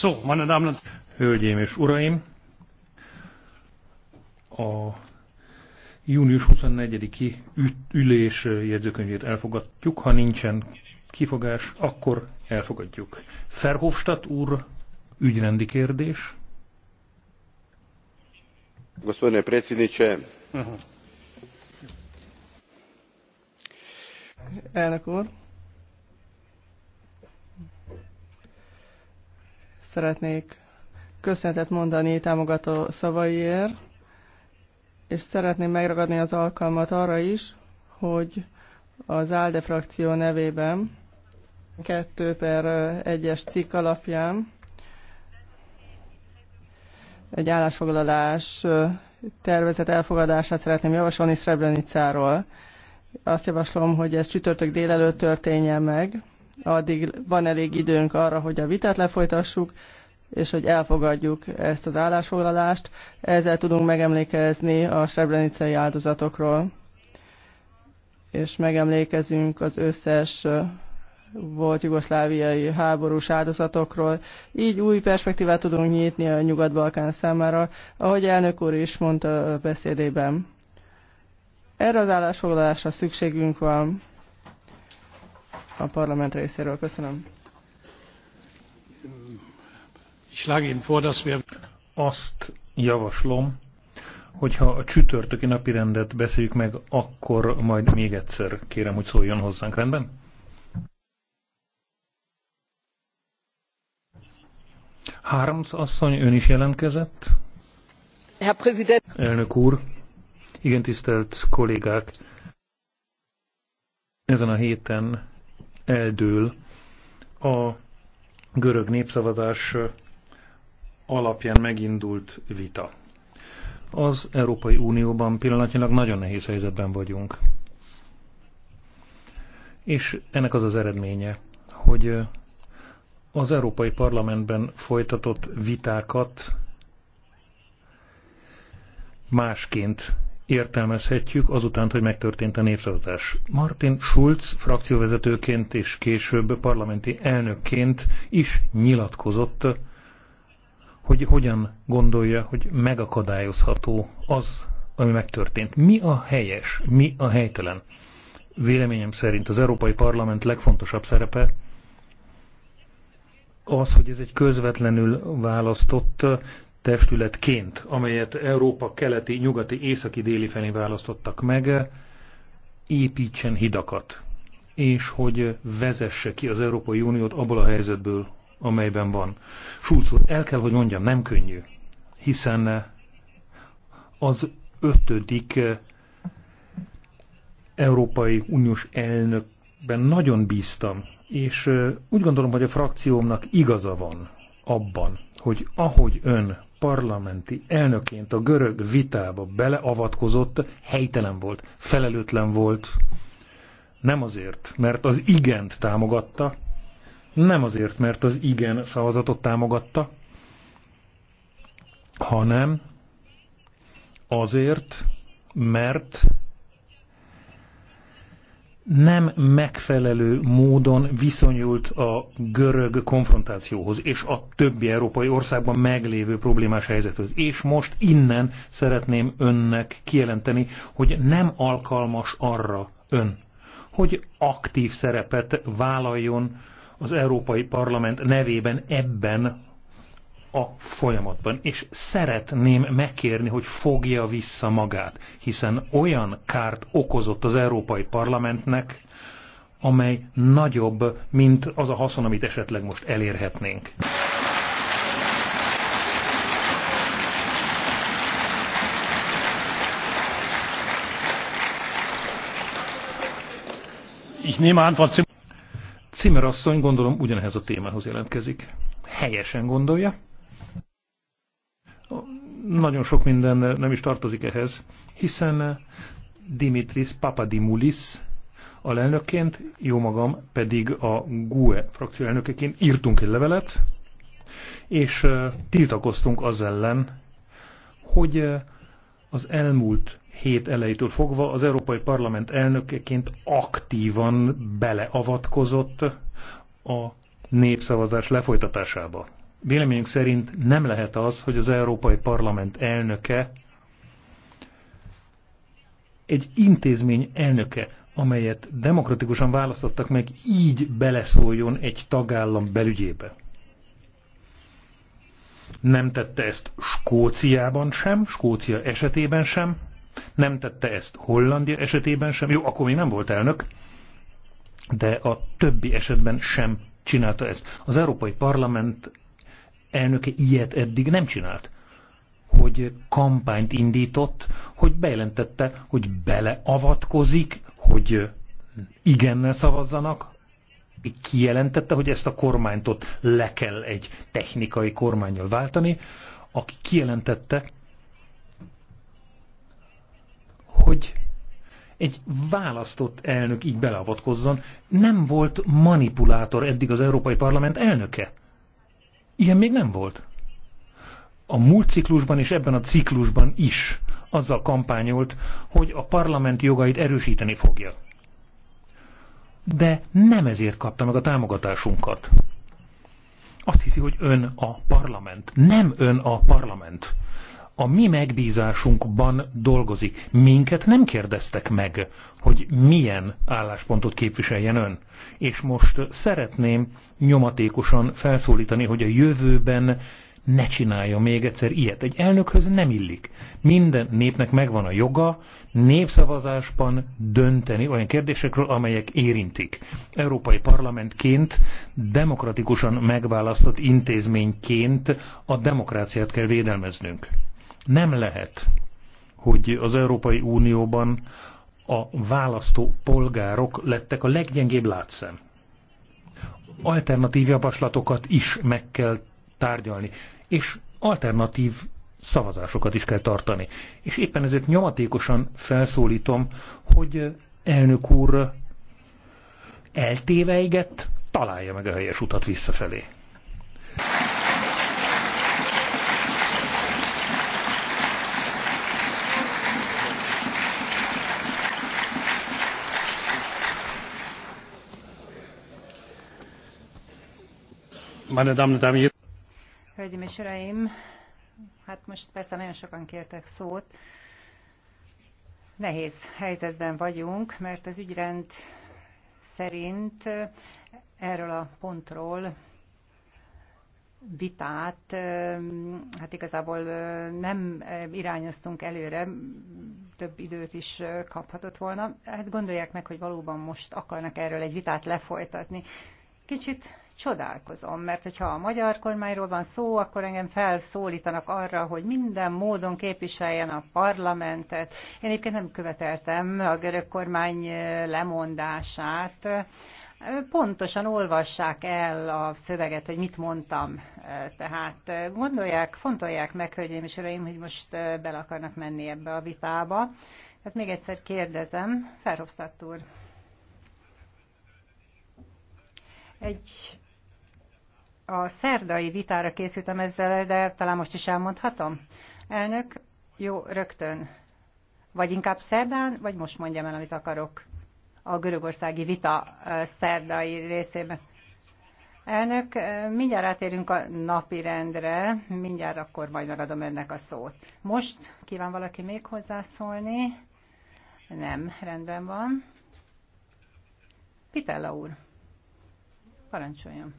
So, meine Damen und Hölgyeim és Uraim, a június 24-i ülés jegyzőkönyvét elfogadjuk. Ha nincsen kifogás, akkor elfogadjuk. Ferhofstadt úr, ügyrendi kérdés. Gospodine predsjedniče, mhm. Elnök úr, Szeretnék köszönetet mondani támogató szavaiért, és szeretném megragadni az alkalmat arra is, hogy az ALDE frakció nevében 2 per 1-es cikk alapján egy állásfoglalás tervezet elfogadását szeretném javasolni Srebrenicáról. Azt javaslom, hogy ez csütörtök délelőtt történjen meg, addig van elég időnk arra, hogy a vitát lefolytassuk, és hogy elfogadjuk ezt az állásfoglalást. Ezzel tudunk megemlékezni a srebrenicei áldozatokról, és megemlékezünk az összes volt jugoszláviai háborús áldozatokról. Így új perspektívát tudunk nyitni a Nyugat-Balkán számára, ahogy elnök úr is mondta a beszédében. Erre az állásfoglalásra szükségünk van a parlament részéről. Köszönöm. Azt javaslom, hogyha a csütörtöki napi rendet beszéljük meg, akkor majd még egyszer kérem, hogy szóljon hozzánk, rendben? Harms asszony, ön is jelentkezett? Herr Präsident. Elnök úr, igen tisztelt kollégák, ezen a héten eldől a görög népszavazás alapján megindult vita. Az Európai Unióban pillanatnyilag nagyon nehéz helyzetben vagyunk. És ennek az az eredménye, hogy az Európai Parlamentben folytatott vitákat másként értelmezhetjük azután, hogy megtörtént a népszavazás. Martin Schulz frakcióvezetőként és később parlamenti elnökként is nyilatkozott, hogy hogyan gondolja, hogy megakadályozható az, ami megtörtént. Mi a helyes, mi a helytelen? Véleményem szerint az Európai Parlament legfontosabb szerepe az, hogy ez egy közvetlenül választott testületként, amelyet Európa keleti, nyugati, északi, déli felé választottak meg, építsen hidakat, és hogy vezesse ki az Európai Uniót abból a helyzetből, amelyben van. Schulz úr, el kell, hogy mondjam, nem könnyű, hiszen az ötödik Európai Uniós elnökben nagyon bíztam, és úgy gondolom, hogy a frakciómnak igaza van abban, hogy ahogy ön parlamenti elnöként a görög vitába beleavatkozott, helytelen volt, felelőtlen volt. Nem azért, mert az igent támogatta, nem azért, mert az igen szavazatot támogatta, hanem azért, mert nem megfelelő módon viszonyult a görög konfrontációhoz és a többi európai országban meglévő problémás helyzethez. És most innen szeretném önnek kijelenteni, hogy nem alkalmas arra ön, hogy aktív szerepet vállaljon az Európai Parlament nevében ebben a folyamatban, és szeretném megkérni, hogy fogja vissza magát, hiszen olyan kárt okozott az Európai Parlamentnek, amely nagyobb, mint az a haszon, amit esetleg most elérhetnénk. Ich nehme an, Frau Zimmer asszony, gondolom ugyanehhez a témához jelentkezik. Helyesen gondolja. Nagyon sok minden nem is tartozik ehhez, hiszen Dimitris Papadimulis alelnökként, jó magam pedig a GUE frakció elnökeként írtunk egy levelet, és tiltakoztunk az ellen, hogy az elmúlt hét elejétől fogva az Európai Parlament elnökeként aktívan beleavatkozott a népszavazás lefolytatásába. Véleményünk szerint nem lehet az, hogy az Európai Parlament elnöke egy intézmény elnöke, amelyet demokratikusan választottak meg, így beleszóljon egy tagállam belügyébe. Nem tette ezt Skóciában sem, Skócia esetében sem, nem tette ezt Hollandia esetében sem, jó, akkor még nem volt elnök, de a többi esetben sem csinálta ezt. Az Európai Parlament elnöke ilyet eddig nem csinált hogy kampányt indított, hogy bejelentette, hogy beleavatkozik, hogy igennel szavazzanak, kijelentette, hogy ezt a kormányt ott le kell egy technikai kormányjal váltani, aki kijelentette, hogy egy választott elnök így beleavatkozzon, nem volt manipulátor eddig az Európai Parlament elnöke. Ilyen még nem volt. A múlt ciklusban és ebben a ciklusban is azzal kampányolt, hogy a parlament jogait erősíteni fogja. De nem ezért kapta meg a támogatásunkat. Azt hiszi, hogy ön a parlament. Nem ön a parlament a mi megbízásunkban dolgozik. Minket nem kérdeztek meg, hogy milyen álláspontot képviseljen ön. És most szeretném nyomatékosan felszólítani, hogy a jövőben ne csinálja még egyszer ilyet. Egy elnökhöz nem illik. Minden népnek megvan a joga népszavazásban dönteni olyan kérdésekről, amelyek érintik. Európai Parlamentként, demokratikusan megválasztott intézményként a demokráciát kell védelmeznünk. Nem lehet, hogy az Európai Unióban a választó polgárok lettek a leggyengébb látszem. Alternatív javaslatokat is meg kell tárgyalni, és alternatív szavazásokat is kell tartani. És éppen ezért nyomatékosan felszólítom, hogy elnök úr eltéveigett, találja meg a helyes utat visszafelé. meine Damen und Herren. Hölgyeim és Uraim, hát most persze nagyon sokan kértek szót. Nehéz helyzetben vagyunk, mert az ügyrend szerint erről a pontról vitát, hát igazából nem irányoztunk előre, több időt is kaphatott volna. Hát gondolják meg, hogy valóban most akarnak erről egy vitát lefolytatni. Kicsit csodálkozom, mert hogyha a magyar kormányról van szó, akkor engem felszólítanak arra, hogy minden módon képviseljen a parlamentet. Én egyébként nem követeltem a görög kormány eh, lemondását, pontosan olvassák el a szöveget, hogy mit mondtam. Eh, tehát eh, gondolják, fontolják meg, hölgyeim és uraim, hogy most bele akarnak menni ebbe a vitába. Tehát még egyszer kérdezem, Ferhofstadt úr. Egy a szerdai vitára készültem ezzel, de talán most is elmondhatom. Elnök, jó, rögtön. Vagy inkább szerdán, vagy most mondjam el, amit akarok a görögországi vita szerdai részében. Elnök, mindjárt átérünk a napi rendre, mindjárt akkor majd megadom önnek a szót. Most kíván valaki még hozzászólni? Nem, rendben van. Pitella úr, parancsoljon.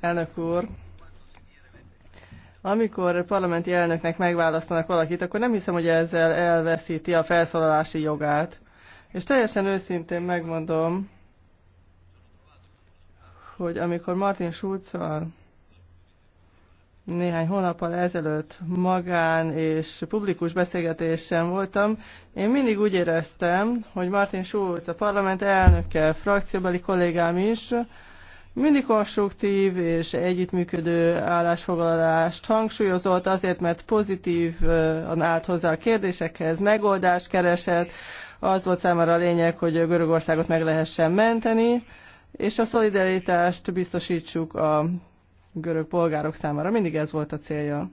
Elnök úr, amikor parlamenti elnöknek megválasztanak valakit, akkor nem hiszem, hogy ezzel elveszti a felszólalási jogát. És teljesen őszintén megmondom, hogy amikor Martin Schulzval néhány hónappal ezelőtt magán és publikus beszélgetésen voltam, én mindig úgy éreztem, hogy Martin Schulz, a parlament elnöke, frakcióbeli kollégám is, mindig konstruktív és együttműködő állásfoglalást hangsúlyozott, azért, mert pozitívan állt hozzá a kérdésekhez, megoldást keresett, az volt számára a lényeg, hogy Görögországot meg lehessen menteni, és a szolidaritást biztosítsuk a görög polgárok számára. Mindig ez volt a célja.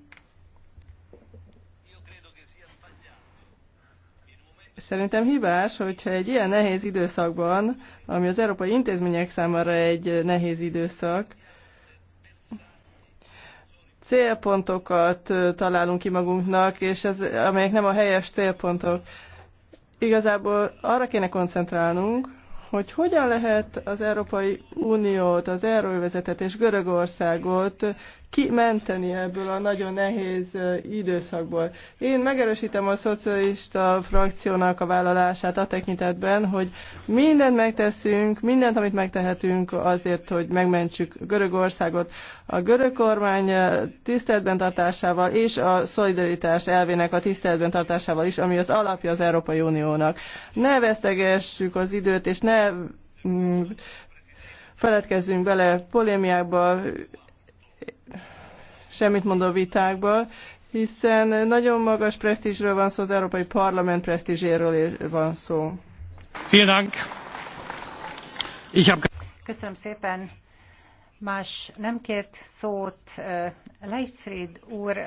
Szerintem hibás, hogyha egy ilyen nehéz időszakban, ami az európai intézmények számára egy nehéz időszak, célpontokat találunk ki magunknak, és ez, amelyek nem a helyes célpontok. Igazából arra kéne koncentrálnunk, hogy hogyan lehet az Európai Uniót, az Euróvezetet és Görögországot kimenteni ebből a nagyon nehéz időszakból. Én megerősítem a szocialista frakciónak a vállalását a tekintetben, hogy mindent megteszünk, mindent, amit megtehetünk azért, hogy megmentsük Görögországot. A görög kormány tiszteletben tartásával és a szolidaritás elvének a tiszteletben tartásával is, ami az alapja az Európai Uniónak. Ne vesztegessük az időt, és ne mm, feledkezzünk bele polémiákba, semmit mondó vitákból, hiszen nagyon magas presztízsről van szó, az Európai Parlament presztízséről van szó. Köszönöm szépen. Más nem kért szót. Eh, Leifrid úr